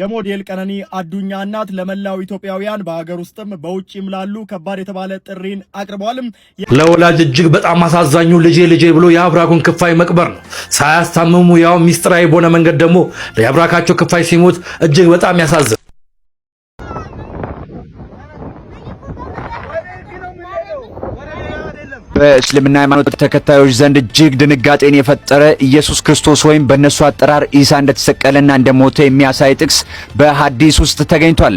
የሞዴል ቀነኒ አዱኛ እናት ለመላው ኢትዮጵያውያን በሀገር ውስጥም በውጭም ላሉ ከባድ የተባለ ጥሪን አቅርበዋል። ለወላጅ እጅግ በጣም አሳዛኙ ልጄ ልጄ ብሎ የአብራኩን ክፋይ መቅበር ነው። ሳያስታምሙ ያው ሚስጥራዊ በሆነ መንገድ ደግሞ የአብራካቸው ክፋይ ሲሞት እጅግ በጣም ያሳዝን በእስልምና ሃይማኖት ተከታዮች ዘንድ እጅግ ድንጋጤን የፈጠረ ኢየሱስ ክርስቶስ ወይም በእነሱ አጠራር ኢሳ እንደተሰቀለና እንደሞተ የሚያሳይ ጥቅስ በሀዲስ ውስጥ ተገኝቷል።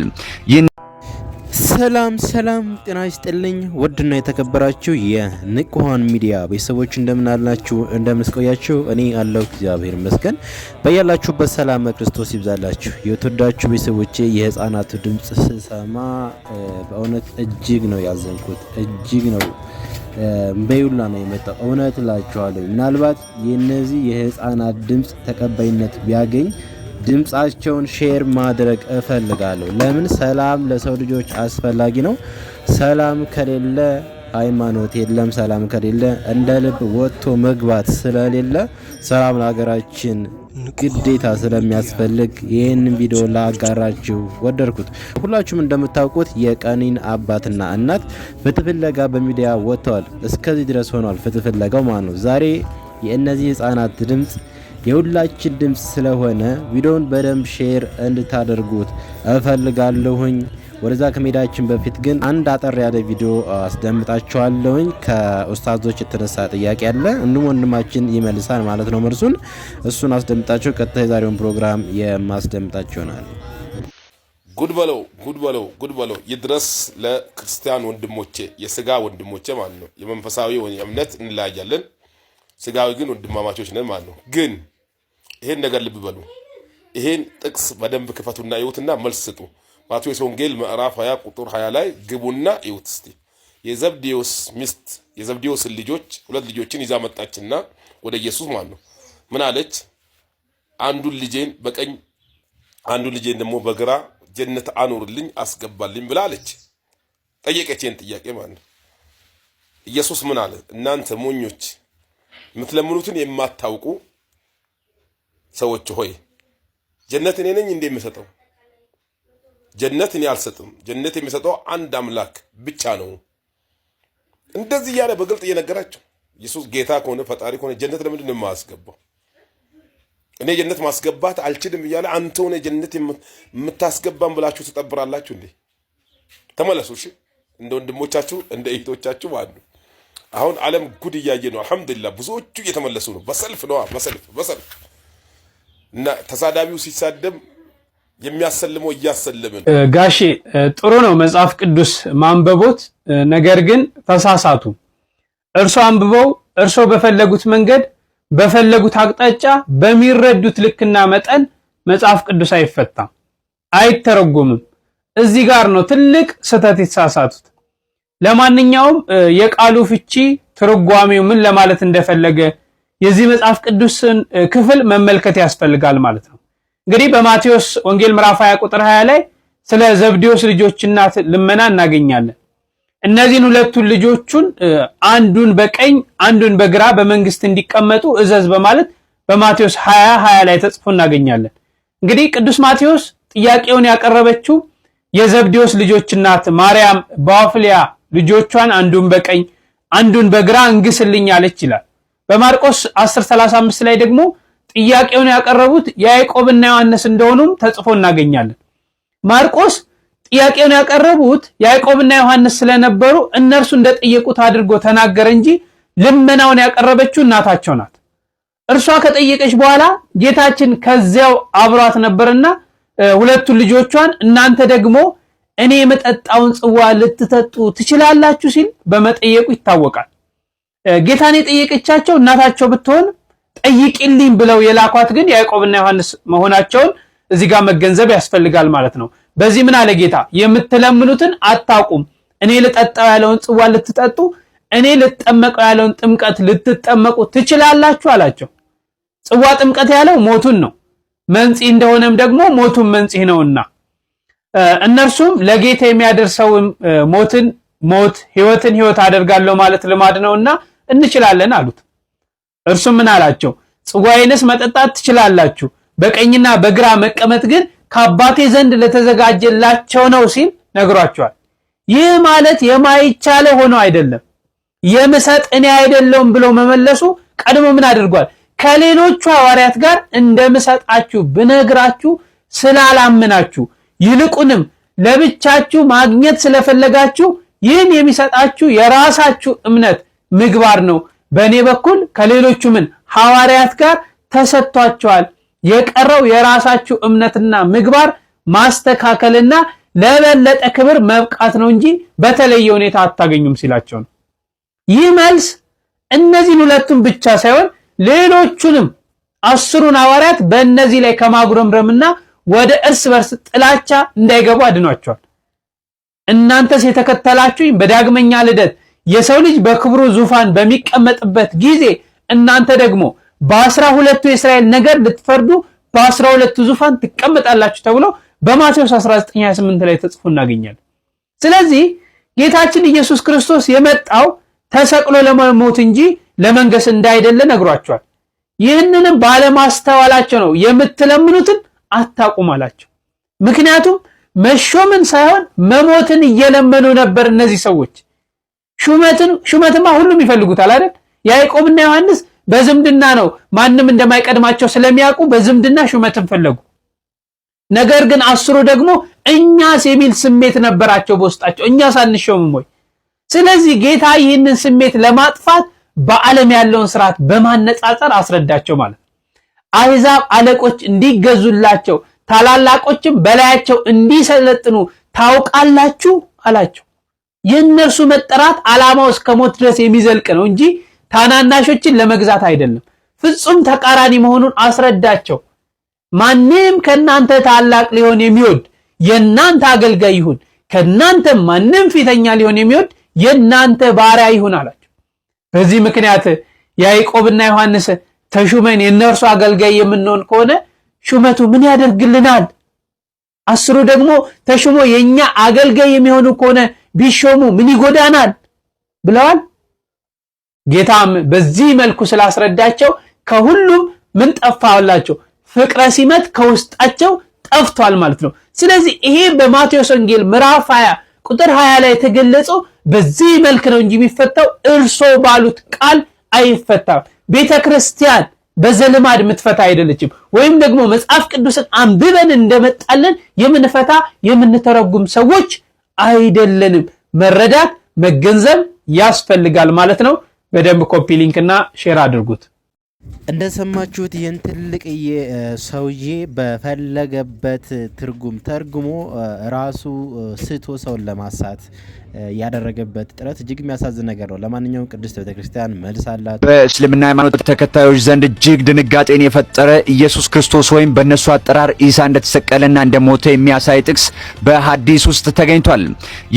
ሰላም ሰላም፣ ጤና ይስጥልኝ ውድና የተከበራችሁ የንቁሃን ሚዲያ ቤተሰቦች እንደምን አላችሁ? እንደምንስቆያችሁ እኔ አለሁ እግዚአብሔር ይመስገን። በያላችሁበት ሰላም ክርስቶስ ይብዛላችሁ። የተወዳችሁ ቤተሰቦቼ የህፃናቱ ድምፅ ስሰማ በእውነት እጅግ ነው ያዘንኩት፣ እጅግ ነው በይሉላ ነው የመጣው። እውነት እላችኋለሁ ምናልባት የነዚህ የህፃናት ድምፅ ተቀባይነት ቢያገኝ ድምፃቸውን ሼር ማድረግ እፈልጋለሁ። ለምን ሰላም ለሰው ልጆች አስፈላጊ ነው። ሰላም ከሌለ ሃይማኖት የለም። ሰላም ከሌለ እንደ ልብ ወጥቶ መግባት ስለሌለ ሰላም ለሀገራችን ግዴታ ስለሚያስፈልግ ይህንን ቪዲዮ ላጋራችሁ ወደድኩት። ሁላችሁም እንደምታውቁት የቀኒን አባትና እናት ፍትፍለጋ በሚዲያ ወጥተዋል። እስከዚህ ድረስ ሆኗል ፍትፍለጋው ፍለጋው ማለት ነው። ዛሬ የእነዚህ ህጻናት ድምፅ የሁላችን ድምፅ ስለሆነ ቪዲዮውን በደንብ ሼር እንድታደርጉት እፈልጋለሁኝ። ወደዛ ከመሄዳችን በፊት ግን አንድ አጠር ያለ ቪዲዮ አስደምጣችኋለሁኝ። ከኡስታዞች የተነሳ ጥያቄ አለ፣ እንም ወንድማችን ይመልሳል ማለት ነው መልሱን። እሱን አስደምጣችሁ ቀጥታ የዛሬውን ፕሮግራም የማስደምጣቸው ይሆናል። ጉድ በለው ጉድ በለው ጉድ በለው ይድረስ ለክርስቲያን ወንድሞቼ፣ የስጋ ወንድሞቼ ማለት ነው። የመንፈሳዊ እምነት እንለያያለን፣ ስጋዊ ግን ወንድማማቾች ነን ማለት ነው። ግን ይሄን ነገር ልብ በሉ። ይሄን ጥቅስ በደንብ ክፈቱና ይዩትና መልስ ስጡ። ማቴዎስ ወንጌል ምዕራፍ 20 ቁጥር 20 ላይ ግቡና እዩት እስቲ። የዘብዴዎስ ሚስት የዘብዴዎስን ልጆች ሁለት ልጆችን ይዛ መጣችና ወደ ኢየሱስ ማለት ነው። ምን አለች? አንዱን ልጄን በቀኝ አንዱን ልጄን ደግሞ በግራ ጀነት አኖርልኝ አስገባልኝ ብላ አለች። ጠየቀችን ጥያቄ ማለት ነው። ኢየሱስ ምን አለ? እናንተ ሞኞች የምትለምኑትን የማታውቁ ሰዎች ሆይ ጀነት እኔ ነኝ እንዴ የምሰጠው? ጀነትን ያልሰጥም አልሰጥም፣ ጀነት የሚሰጠው አንድ አምላክ ብቻ ነው። እንደዚህ እያለ በግልጥ እየነገራቸው ኢየሱስ ጌታ ከሆነ ፈጣሪ ከሆነ ጀነት ለምንድን ነው የማያስገባው? እኔ ጀነት ማስገባት አልችልም እያለ አንተ ሆነ ጀነት የምታስገባን ብላችሁ ትጠብራላችሁ እንዴ? ተመለሱ። እሺ እንደ ወንድሞቻችሁ እንደ እህቶቻችሁ አሉ። አሁን ዓለም ጉድ እያየ ነው። አልሐምዱሊላህ ብዙዎቹ እየተመለሱ ነው። በሰልፍ ነዋ፣ በሰልፍ በሰልፍ እና ተሳዳቢው ሲሳደብ የሚያሰልመው እያሰልምን። ጋሼ ጥሩ ነው መጽሐፍ ቅዱስ ማንበቦት፣ ነገር ግን ተሳሳቱ። እርሶ አንብበው እርሶ በፈለጉት መንገድ በፈለጉት አቅጣጫ በሚረዱት ልክና መጠን መጽሐፍ ቅዱስ አይፈታም፣ አይተረጎምም። እዚህ ጋር ነው ትልቅ ስህተት የተሳሳቱት። ለማንኛውም የቃሉ ፍቺ ትርጓሜው ምን ለማለት እንደፈለገ የዚህ መጽሐፍ ቅዱስን ክፍል መመልከት ያስፈልጋል ማለት ነው። እንግዲህ በማቴዎስ ወንጌል ምዕራፍ 20 ቁጥር 20 ላይ ስለ ዘብዴዎስ ልጆች እናት ልመና እናገኛለን። እነዚህን ሁለቱን ልጆቹን አንዱን በቀኝ አንዱን በግራ በመንግስት እንዲቀመጡ እዘዝ በማለት በማቴዎስ 20 20 ላይ ተጽፎ እናገኛለን። እንግዲህ ቅዱስ ማቴዎስ ጥያቄውን ያቀረበችው የዘብዴዎስ ልጆች እናት ማርያም በዋፍሊያ ልጆቿን አንዱን በቀኝ አንዱን በግራ እንግስልኝ አለች ይላል። በማርቆስ 10:35 ላይ ደግሞ ጥያቄውን ያቀረቡት ያዕቆብና ዮሐንስ እንደሆኑም ተጽፎ እናገኛለን። ማርቆስ ጥያቄውን ያቀረቡት ያዕቆብና ዮሐንስ ስለነበሩ እነርሱ እንደጠየቁት አድርጎ ተናገረ እንጂ ልመናውን ያቀረበችው እናታቸው ናት። እርሷ ከጠየቀች በኋላ ጌታችን ከዚያው አብሯት ነበርና ሁለቱን ልጆቿን እናንተ ደግሞ እኔ የመጠጣውን ጽዋ ልትጠጡ ትችላላችሁ ሲል በመጠየቁ ይታወቃል። ጌታን የጠየቀቻቸው እናታቸው ብትሆን ጠይቂልኝ ብለው የላኳት ግን ያዕቆብና ዮሐንስ መሆናቸውን እዚህ ጋር መገንዘብ ያስፈልጋል ማለት ነው። በዚህ ምን አለ ጌታ? የምትለምኑትን አታውቁም። እኔ ልጠጣው ያለውን ጽዋ ልትጠጡ፣ እኔ ልጠመቀው ያለውን ጥምቀት ልትጠመቁ ትችላላችሁ አላቸው። ጽዋ ጥምቀት ያለው ሞቱን ነው። መንጽ እንደሆነም ደግሞ ሞቱን መንጽ ነውና እነርሱም ለጌታ የሚያደርሰው ሞትን ሞት ህይወትን ህይወት አደርጋለሁ ማለት ልማድ ነውና እንችላለን አሉት። እርሱም ምን አላቸው? ጽዋዬንስ መጠጣት ትችላላችሁ፣ በቀኝና በግራ መቀመጥ ግን ከአባቴ ዘንድ ለተዘጋጀላቸው ነው ሲል ነግሯቸዋል። ይህ ማለት የማይቻለ ሆኖ አይደለም። የምሰጥ እኔ አይደለሁም ብሎ መመለሱ ቀድሞ ምን አድርጓል? ከሌሎቹ ሐዋርያት ጋር እንደምሰጣችሁ ብነግራችሁ ስላላምናችሁ፣ ይልቁንም ለብቻችሁ ማግኘት ስለፈለጋችሁ ይህን የሚሰጣችሁ የራሳችሁ እምነት ምግባር ነው በእኔ በኩል ከሌሎቹ ምን ሐዋርያት ጋር ተሰጥቷቸዋል። የቀረው የራሳችሁ እምነትና ምግባር ማስተካከልና ለበለጠ ክብር መብቃት ነው እንጂ በተለየ ሁኔታ አታገኙም ሲላቸው ነው። ይህ መልስ እነዚህን ሁለቱን ብቻ ሳይሆን ሌሎቹንም አስሩን ሐዋርያት በእነዚህ ላይ ከማጉረምረምና ወደ እርስ በርስ ጥላቻ እንዳይገቡ አድኗቸዋል። እናንተስ የተከተላችሁኝ በዳግመኛ ልደት የሰው ልጅ በክብሩ ዙፋን በሚቀመጥበት ጊዜ እናንተ ደግሞ በአስራ ሁለቱ የእስራኤል ነገር ልትፈርዱ በአስራ ሁለቱ ዙፋን ትቀመጣላችሁ ተብሎ በማቴዎስ 19:28 ላይ ተጽፎ እናገኛለን። ስለዚህ ጌታችን ኢየሱስ ክርስቶስ የመጣው ተሰቅሎ ለመሞት እንጂ ለመንገስ እንዳይደለ ነግሯቸዋል። ይህንንም ባለማስተዋላቸው ነው የምትለምኑትን አታውቁም አላቸው። ምክንያቱም መሾምን ሳይሆን መሞትን እየለመኑ ነበር እነዚህ ሰዎች። ሹመትን ሹመትማ ሁሉም ይፈልጉታል አይደል? ያዕቆብና ዮሐንስ በዝምድና ነው፣ ማንም እንደማይቀድማቸው ስለሚያውቁ በዝምድና ሹመትን ፈለጉ። ነገር ግን አስሩ ደግሞ እኛስ የሚል ስሜት ነበራቸው በውስጣቸው፣ እኛስ አንሾምም ወይ? ስለዚህ ጌታ ይህንን ስሜት ለማጥፋት በዓለም ያለውን ስርዓት በማነጻጸር አስረዳቸው ማለት አሕዛብ አለቆች እንዲገዙላቸው ታላላቆችም በላያቸው እንዲሰለጥኑ ታውቃላችሁ አላቸው። የእነርሱ መጠራት ዓላማው እስከ ሞት ድረስ የሚዘልቅ ነው እንጂ ታናናሾችን ለመግዛት አይደለም። ፍጹም ተቃራኒ መሆኑን አስረዳቸው። ማንም ከእናንተ ታላቅ ሊሆን የሚወድ የእናንተ አገልጋይ ይሁን፣ ከናንተ ማንም ፊተኛ ሊሆን የሚወድ የእናንተ ባሪያ ይሁን አላቸው። በዚህ ምክንያት ያዕቆብና ዮሐንስ ተሹመን የእነርሱ አገልጋይ የምንሆን ከሆነ ሹመቱ ምን ያደርግልናል? አስሩ ደግሞ ተሹሞ የኛ አገልጋይ የሚሆኑ ከሆነ ቢሾሙ ምን ይጎዳናል ብለዋል። ጌታም በዚህ መልኩ ስላስረዳቸው ከሁሉም ምን ጠፋላቸው? ፍቅረ ሲመት ከውስጣቸው ጠፍቷል ማለት ነው። ስለዚህ ይሄ በማቴዎስ ወንጌል ምዕራፍ 20 ቁጥር 20 ላይ የተገለጸው በዚህ መልክ ነው እንጂ የሚፈታው እርሶ ባሉት ቃል አይፈታም። ቤተ ክርስቲያን በዘልማድ የምትፈታ አይደለችም። ወይም ደግሞ መጽሐፍ ቅዱስን አንብበን እንደመጣለን የምንፈታ የምንተረጉም ሰዎች አይደለንም። መረዳት መገንዘብ ያስፈልጋል ማለት ነው። በደንብ ኮፒ ሊንክ እና ሼር አድርጉት። እንደሰማችሁት ይህን ትልቅ ሰውዬ በፈለገበት ትርጉም ተርጉሞ ራሱ ስቶ ሰውን ለማሳት ያደረገበት ጥረት እጅግ የሚያሳዝን ነገር ነው። ለማንኛውም ቅድስት ቤተክርስቲያን መልስ አላት። በእስልምና ሃይማኖት ተከታዮች ዘንድ እጅግ ድንጋጤን የፈጠረ ኢየሱስ ክርስቶስ ወይም በእነሱ አጠራር ኢሳ እንደተሰቀለና እንደሞተ የሚያሳይ ጥቅስ በሀዲስ ውስጥ ተገኝቷል።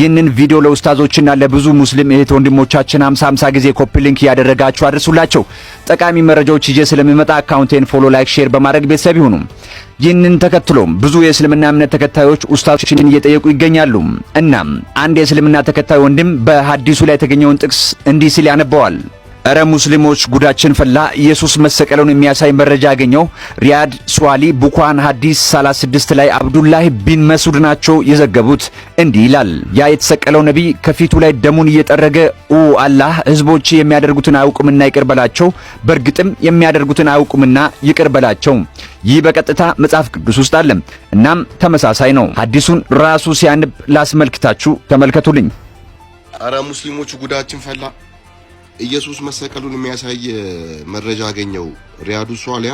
ይህንን ቪዲዮ ለኡስታዞችና ለብዙ ሙስሊም እህት ወንድሞቻችን ሀምሳ ሀምሳ ጊዜ ኮፒ ሊንክ እያደረጋችሁ አድርሱላቸው። ጠቃሚ መረጃዎች ይዤ ስለሚመጣ አካውንቴን ፎሎ፣ ላይክ፣ ሼር በማድረግ ቤተሰብ ይሁኑ። ይህንን ተከትሎም ብዙ የእስልምና እምነት ተከታዮች ኡስታዞችን እየጠየቁ ይገኛሉ። እናም አንድ የእስልምና ተከታይ ወንድም በሐዲሱ ላይ የተገኘውን ጥቅስ እንዲህ ሲል ያነበዋል። እረ ሙስሊሞች ጉዳችን ፈላ፣ ኢየሱስ መሰቀለውን የሚያሳይ መረጃ ያገኘው ሪያድ ስዋሊ ቡኳን ሐዲስ 36 ላይ አብዱላህ ቢን መስዑድ ናቸው የዘገቡት። እንዲህ ይላል፣ ያ የተሰቀለው ነቢይ ከፊቱ ላይ ደሙን እየጠረገ ኡ አላህ ህዝቦች የሚያደርጉትን አያውቁምና ይቅርበላቸው። በእርግጥም የሚያደርጉትን አያውቁምና ይቅርበላቸው። ይህ በቀጥታ መጽሐፍ ቅዱስ ውስጥ አለ። እናም ተመሳሳይ ነው። ሐዲሱን ራሱ ሲያንብ ላስመልክታችሁ፣ ተመልከቱልኝ። አረ ሙስሊሞቹ ጉዳችን ፈላ። ኢየሱስ መሰቀሉን የሚያሳይ መረጃ አገኘው። ሪያዱ ሷሊያ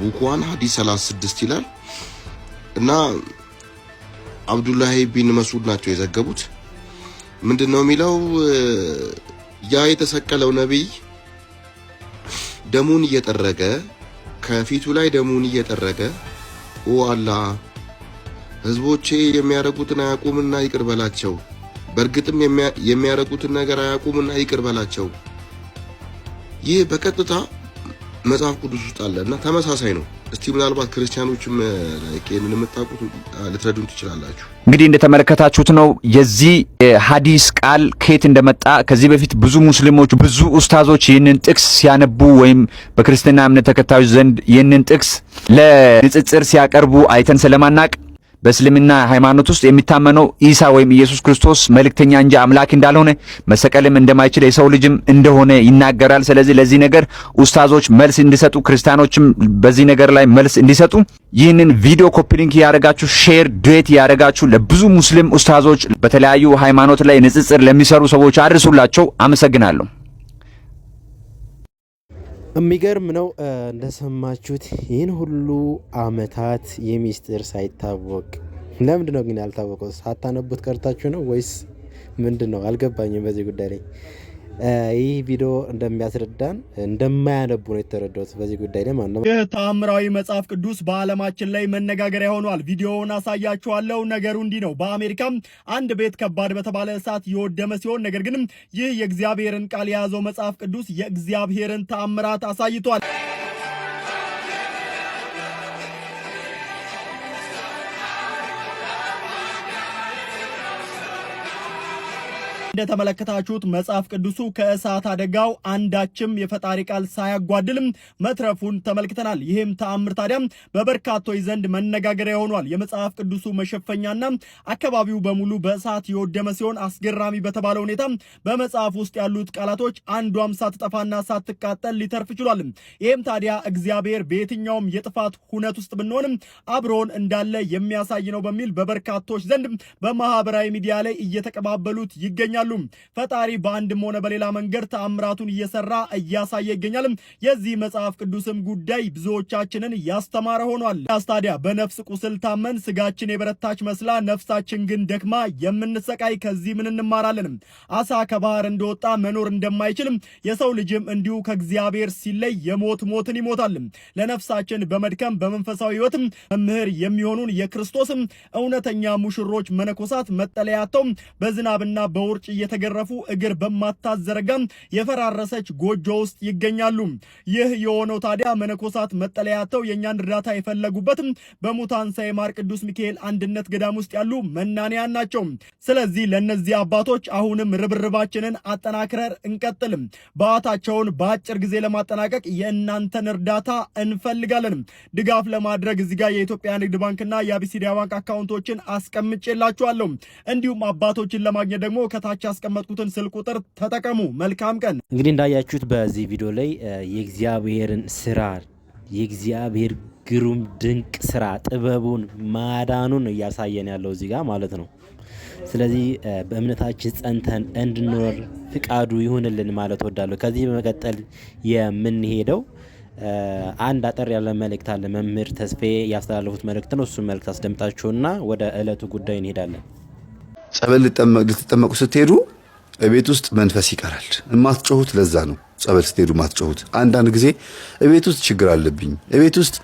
ቡኳን ሐዲስ 36 ይላል እና አብዱላሂ ቢን መስዑድ ናቸው የዘገቡት። ምንድን ነው የሚለው? ያ የተሰቀለው ነቢይ ደሙን እየጠረገ ከፊቱ ላይ ደሙን እየጠረገ ኦ አላ ሕዝቦቼ የሚያረጉትን አያቁምና ይቅር በላቸው፣ በእርግጥም የሚያረጉትን ነገር አያቁምና ይቅር በላቸው። ይህ በቀጥታ መጽሐፍ ቅዱስ ውስጥ አለ እና ተመሳሳይ ነው። እስቲ ምናልባት ክርስቲያኖችም ይህንን የምታውቁት ልትረዱን ትችላላችሁ። እንግዲህ እንደተመለከታችሁት ነው የዚህ ሀዲስ ቃል ከየት እንደመጣ። ከዚህ በፊት ብዙ ሙስሊሞች፣ ብዙ ኡስታዞች ይህንን ጥቅስ ሲያነቡ ወይም በክርስትና እምነት ተከታዮች ዘንድ ይህንን ጥቅስ ለንጽጽር ሲያቀርቡ አይተን ስለማናቅ በእስልምና ሃይማኖት ውስጥ የሚታመነው ኢሳ ወይም ኢየሱስ ክርስቶስ መልእክተኛ እንጂ አምላክ እንዳልሆነ መሰቀልም እንደማይችል የሰው ልጅም እንደሆነ ይናገራል። ስለዚህ ለዚህ ነገር ኡስታዞች መልስ እንዲሰጡ፣ ክርስቲያኖችም በዚህ ነገር ላይ መልስ እንዲሰጡ ይህንን ቪዲዮ ኮፒሊንክ ያደረጋችሁ ሼር ዱዌት ያደረጋችሁ ለብዙ ሙስሊም ኡስታዞች፣ በተለያዩ ሃይማኖት ላይ ንጽጽር ለሚሰሩ ሰዎች አድርሱላቸው። አመሰግናለሁ። የሚገርም ነው። እንደሰማችሁት ይህን ሁሉ አመታት የሚስጥር ሳይታወቅ ለምንድ ነው ግን ያልታወቀው? ሳታነቡት ቀርታችሁ ነው ወይስ ምንድን ነው? አልገባኝም በዚህ ጉዳይ ላይ ይህ ቪዲዮ እንደሚያስረዳን እንደማያነቡ ነው የተረዳሁት። በዚህ ጉዳይ ላይ ማነው ይህ ተአምራዊ መጽሐፍ ቅዱስ በዓለማችን ላይ መነጋገሪያ ሆኗል። ቪዲዮውን አሳያችኋለሁ። ነገሩ እንዲህ ነው። በአሜሪካም አንድ ቤት ከባድ በተባለ እሳት የወደመ ሲሆን ነገር ግን ይህ የእግዚአብሔርን ቃል የያዘው መጽሐፍ ቅዱስ የእግዚአብሔርን ተአምራት አሳይቷል። እንደተመለከታችሁት መጽሐፍ ቅዱሱ ከእሳት አደጋው አንዳችም የፈጣሪ ቃል ሳያጓድልም መትረፉን ተመልክተናል። ይህም ተአምር ታዲያም በበርካቶች ዘንድ መነጋገሪያ ሆኗል። የመጽሐፍ ቅዱሱ መሸፈኛና አካባቢው በሙሉ በእሳት የወደመ ሲሆን አስገራሚ በተባለ ሁኔታ በመጽሐፍ ውስጥ ያሉት ቃላቶች አንዷም ሳትጠፋና ሳትቃጠል ሊተርፍ ችሏል። ይህም ታዲያ እግዚአብሔር በየትኛውም የጥፋት ሁነት ውስጥ ብንሆንም አብሮን እንዳለ የሚያሳይ ነው በሚል በበርካቶች ዘንድ በማህበራዊ ሚዲያ ላይ እየተቀባበሉት ይገኛሉ። ይገኛሉ። ፈጣሪ በአንድም ሆነ በሌላ መንገድ ተአምራቱን እየሰራ እያሳየ ይገኛል። የዚህ መጽሐፍ ቅዱስም ጉዳይ ብዙዎቻችንን ያስተማረ ሆኗል። ታዲያ በነፍስ ቁስል ታመን ስጋችን የበረታች መስላ ነፍሳችን ግን ደክማ የምንሰቃይ ከዚህ ምን እንማራለን? አሳ ከባህር እንደወጣ መኖር እንደማይችልም የሰው ልጅም እንዲሁ ከእግዚአብሔር ሲለይ የሞት ሞትን ይሞታል። ለነፍሳችን በመድከም በመንፈሳዊ ሕይወትም መምህር የሚሆኑን የክርስቶስም እውነተኛ ሙሽሮች መነኮሳት መጠለያተው በዝናብና በውርጭ እየተገረፉ እግር በማታዘረጋም የፈራረሰች ጎጆ ውስጥ ይገኛሉ። ይህ የሆነው ታዲያ መነኮሳት መጠለያተው የእኛን እርዳታ የፈለጉበትም በሙታን ሳይማር ቅዱስ ሚካኤል አንድነት ገዳም ውስጥ ያሉ መናንያን ናቸው። ስለዚህ ለእነዚህ አባቶች አሁንም ርብርባችንን አጠናክረር እንቀጥልም። በዓታቸውን በአጭር ጊዜ ለማጠናቀቅ የእናንተን እርዳታ እንፈልጋለን። ድጋፍ ለማድረግ እዚጋ የኢትዮጵያ ንግድ ባንክና የአቢሲዲያ ባንክ አካውንቶችን አስቀምጬላችኋለሁ። እንዲሁም አባቶችን ለማግኘት ደግሞ ከታች ያስቀመጥኩትን ስልክ ቁጥር ተጠቀሙ። መልካም ቀን። እንግዲህ እንዳያችሁት በዚህ ቪዲዮ ላይ የእግዚአብሔርን ስራ የእግዚአብሔር ግሩም ድንቅ ስራ ጥበቡን ማዳኑን እያሳየን ያለው እዚህ ጋር ማለት ነው። ስለዚህ በእምነታችን ጸንተን እንድንኖር ፍቃዱ ይሁንልን ማለት ወዳለሁ። ከዚህ በመቀጠል የምንሄደው አንድ አጠር ያለ መልእክት አለ። መምህር ተስፋዬ ያስተላለፉት መልእክት ነው። እሱን መልእክት አስደምጣችሁና ወደ ዕለቱ ጉዳይ እንሄዳለን። ጸበል ልትጠመቁ ስትሄዱ ቤት ውስጥ መንፈስ ይቀራል። የማትጮሁት ለዛ ነው። ጸበል ስትሄዱ ማትጮሁት። አንዳንድ ጊዜ ቤት ውስጥ ችግር አለብኝ፣ ቤት ውስጥ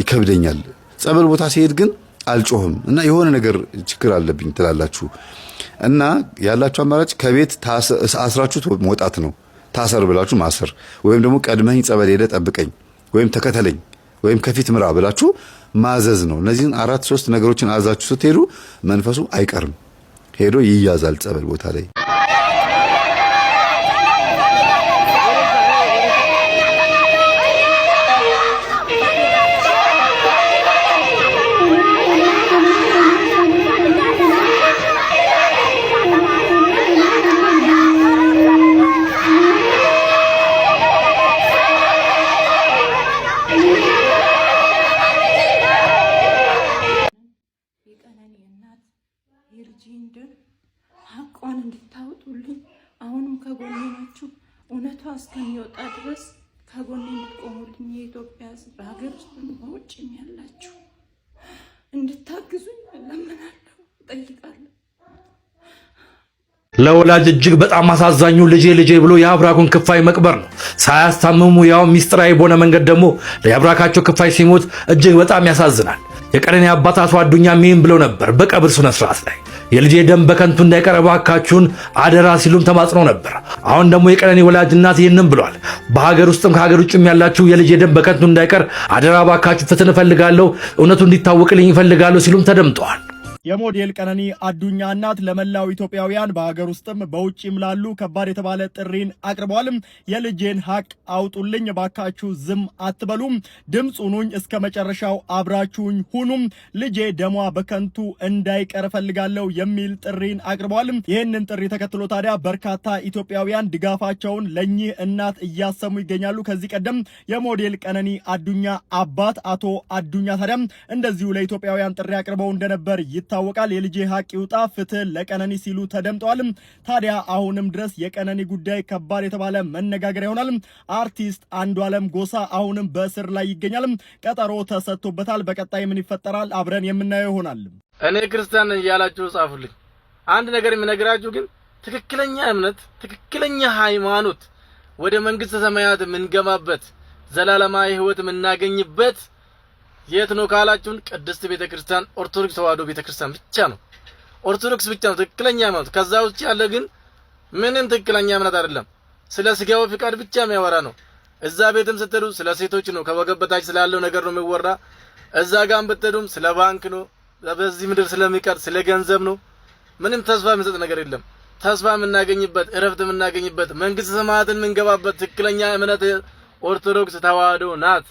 ይከብደኛል። ጸበል ቦታ ሲሄድ ግን አልጮህም እና የሆነ ነገር ችግር አለብኝ ትላላችሁ እና ያላችሁ አማራጭ ከቤት አስራችሁ መውጣት ነው። ታሰር ብላችሁ ማሰር ወይም ደግሞ ቀድመኝ ጸበል ሄደ ጠብቀኝ ወይም ተከተለኝ ወይም ከፊት ምራ ብላችሁ ማዘዝ ነው። እነዚህን አራት ሶስት ነገሮችን አዛችሁ ስትሄዱ መንፈሱ አይቀርም ሄዶ ይያዛል ጸበል ቦታ ላይ። እውነቷ እስከሚወጣ ድረስ ከጎን የምትቆሙልኝ የኢትዮጵያ ሕዝብ በሀገር ውስጥም በውጭም ያላችሁ እንድታግዙኝ እለምናለሁ፣ እጠይቃለሁ። ለወላጅ እጅግ በጣም አሳዛኙ ልጄ ልጄ ብሎ የአብራኩን ክፋይ መቅበር ነው። ሳያስታምሙ ያው ሚስጥራዊ በሆነ መንገድ ደግሞ የአብራካቸው ክፋይ ሲሞት እጅግ በጣም ያሳዝናል። የቀነኒ አባት አቶ አዱኛ ሚን ብለው ነበር በቀብር ስነ ስርዓት ላይ የልጄ ደም በከንቱ እንዳይቀር እባካችሁን አደራ ሲሉም ተማጽኖ ነበር። አሁን ደግሞ የቀነኒ ወላጅ እናት ይህንም ብሏል። በሀገር ውስጥም ከሀገር ውጭም ያላችሁ የልጄ ደም በከንቱ እንዳይቀር አደራ እባካችሁ ፍትህን እፈልጋለሁ፣ እውነቱ እንዲታወቅልኝ ይፈልጋለሁ ሲሉም ተደምጠዋል። የሞዴል ቀነኒ አዱኛ እናት ለመላው ኢትዮጵያውያን በሀገር ውስጥም በውጭም ላሉ ከባድ የተባለ ጥሪን አቅርበዋልም። የልጄን ሀቅ አውጡልኝ፣ ባካችሁ ዝም አትበሉም፣ ድምፅ እስከ መጨረሻው አብራችሁኝ ሁኑም፣ ልጄ ደሟ በከንቱ እንዳይቀር እፈልጋለሁ የሚል ጥሪን አቅርበዋልም። ይህንን ጥሪ ተከትሎ ታዲያ በርካታ ኢትዮጵያውያን ድጋፋቸውን ለእኚህ እናት እያሰሙ ይገኛሉ። ከዚህ ቀደም የሞዴል ቀነኒ አዱኛ አባት አቶ አዱኛ ታዲያም እንደዚሁ ለኢትዮጵያውያን ጥሪ አቅርበው እንደነበር ይታ ይታወቃል። የልጄ ሀቅ ይውጣ፣ ፍትህ ለቀነኒ ሲሉ ተደምጠዋል። ታዲያ አሁንም ድረስ የቀነኒ ጉዳይ ከባድ የተባለ መነጋገር ይሆናል። አርቲስት አንዷለም ጎሳ አሁንም በእስር ላይ ይገኛል። ቀጠሮ ተሰጥቶበታል። በቀጣይ ምን ይፈጠራል? አብረን የምናየው ይሆናል። እኔ ክርስቲያን ነኝ እያላችሁ ጻፉልኝ። አንድ ነገር የምነግራችሁ ግን ትክክለኛ እምነት፣ ትክክለኛ ሃይማኖት ወደ መንግስተ ሰማያት የምንገባበት ዘላለማዊ ህይወት የምናገኝበት የት ነው ካላችሁን ቅድስት ቤተ ክርስቲያን ኦርቶዶክስ ተዋህዶ ቤተ ክርስቲያን ብቻ ነው። ኦርቶዶክስ ብቻ ነው ትክክለኛ ማለት። ከዛ ውጭ ያለ ግን ምንም ትክክለኛ እምነት አይደለም። ስለ ስጋው ፍቃድ ብቻ የሚያወራ ነው። እዛ ቤትም ስትሄዱ ስለ ሴቶች ነው፣ ከወገብ በታች ስላለው ነገር ነው የሚወራ። እዛ ጋር ብትሄዱም ስለ ባንክ ነው፣ በዚህ ምድር ስለሚቀር ስለ ገንዘብ ነው። ምንም ተስፋ የሚሰጥ ነገር የለም። ተስፋ የምናገኝበት እረፍት የምናገኝበት መንግስት ሰማያትን የምንገባበት ትክክለኛ እምነት ኦርቶዶክስ ተዋህዶ ናት።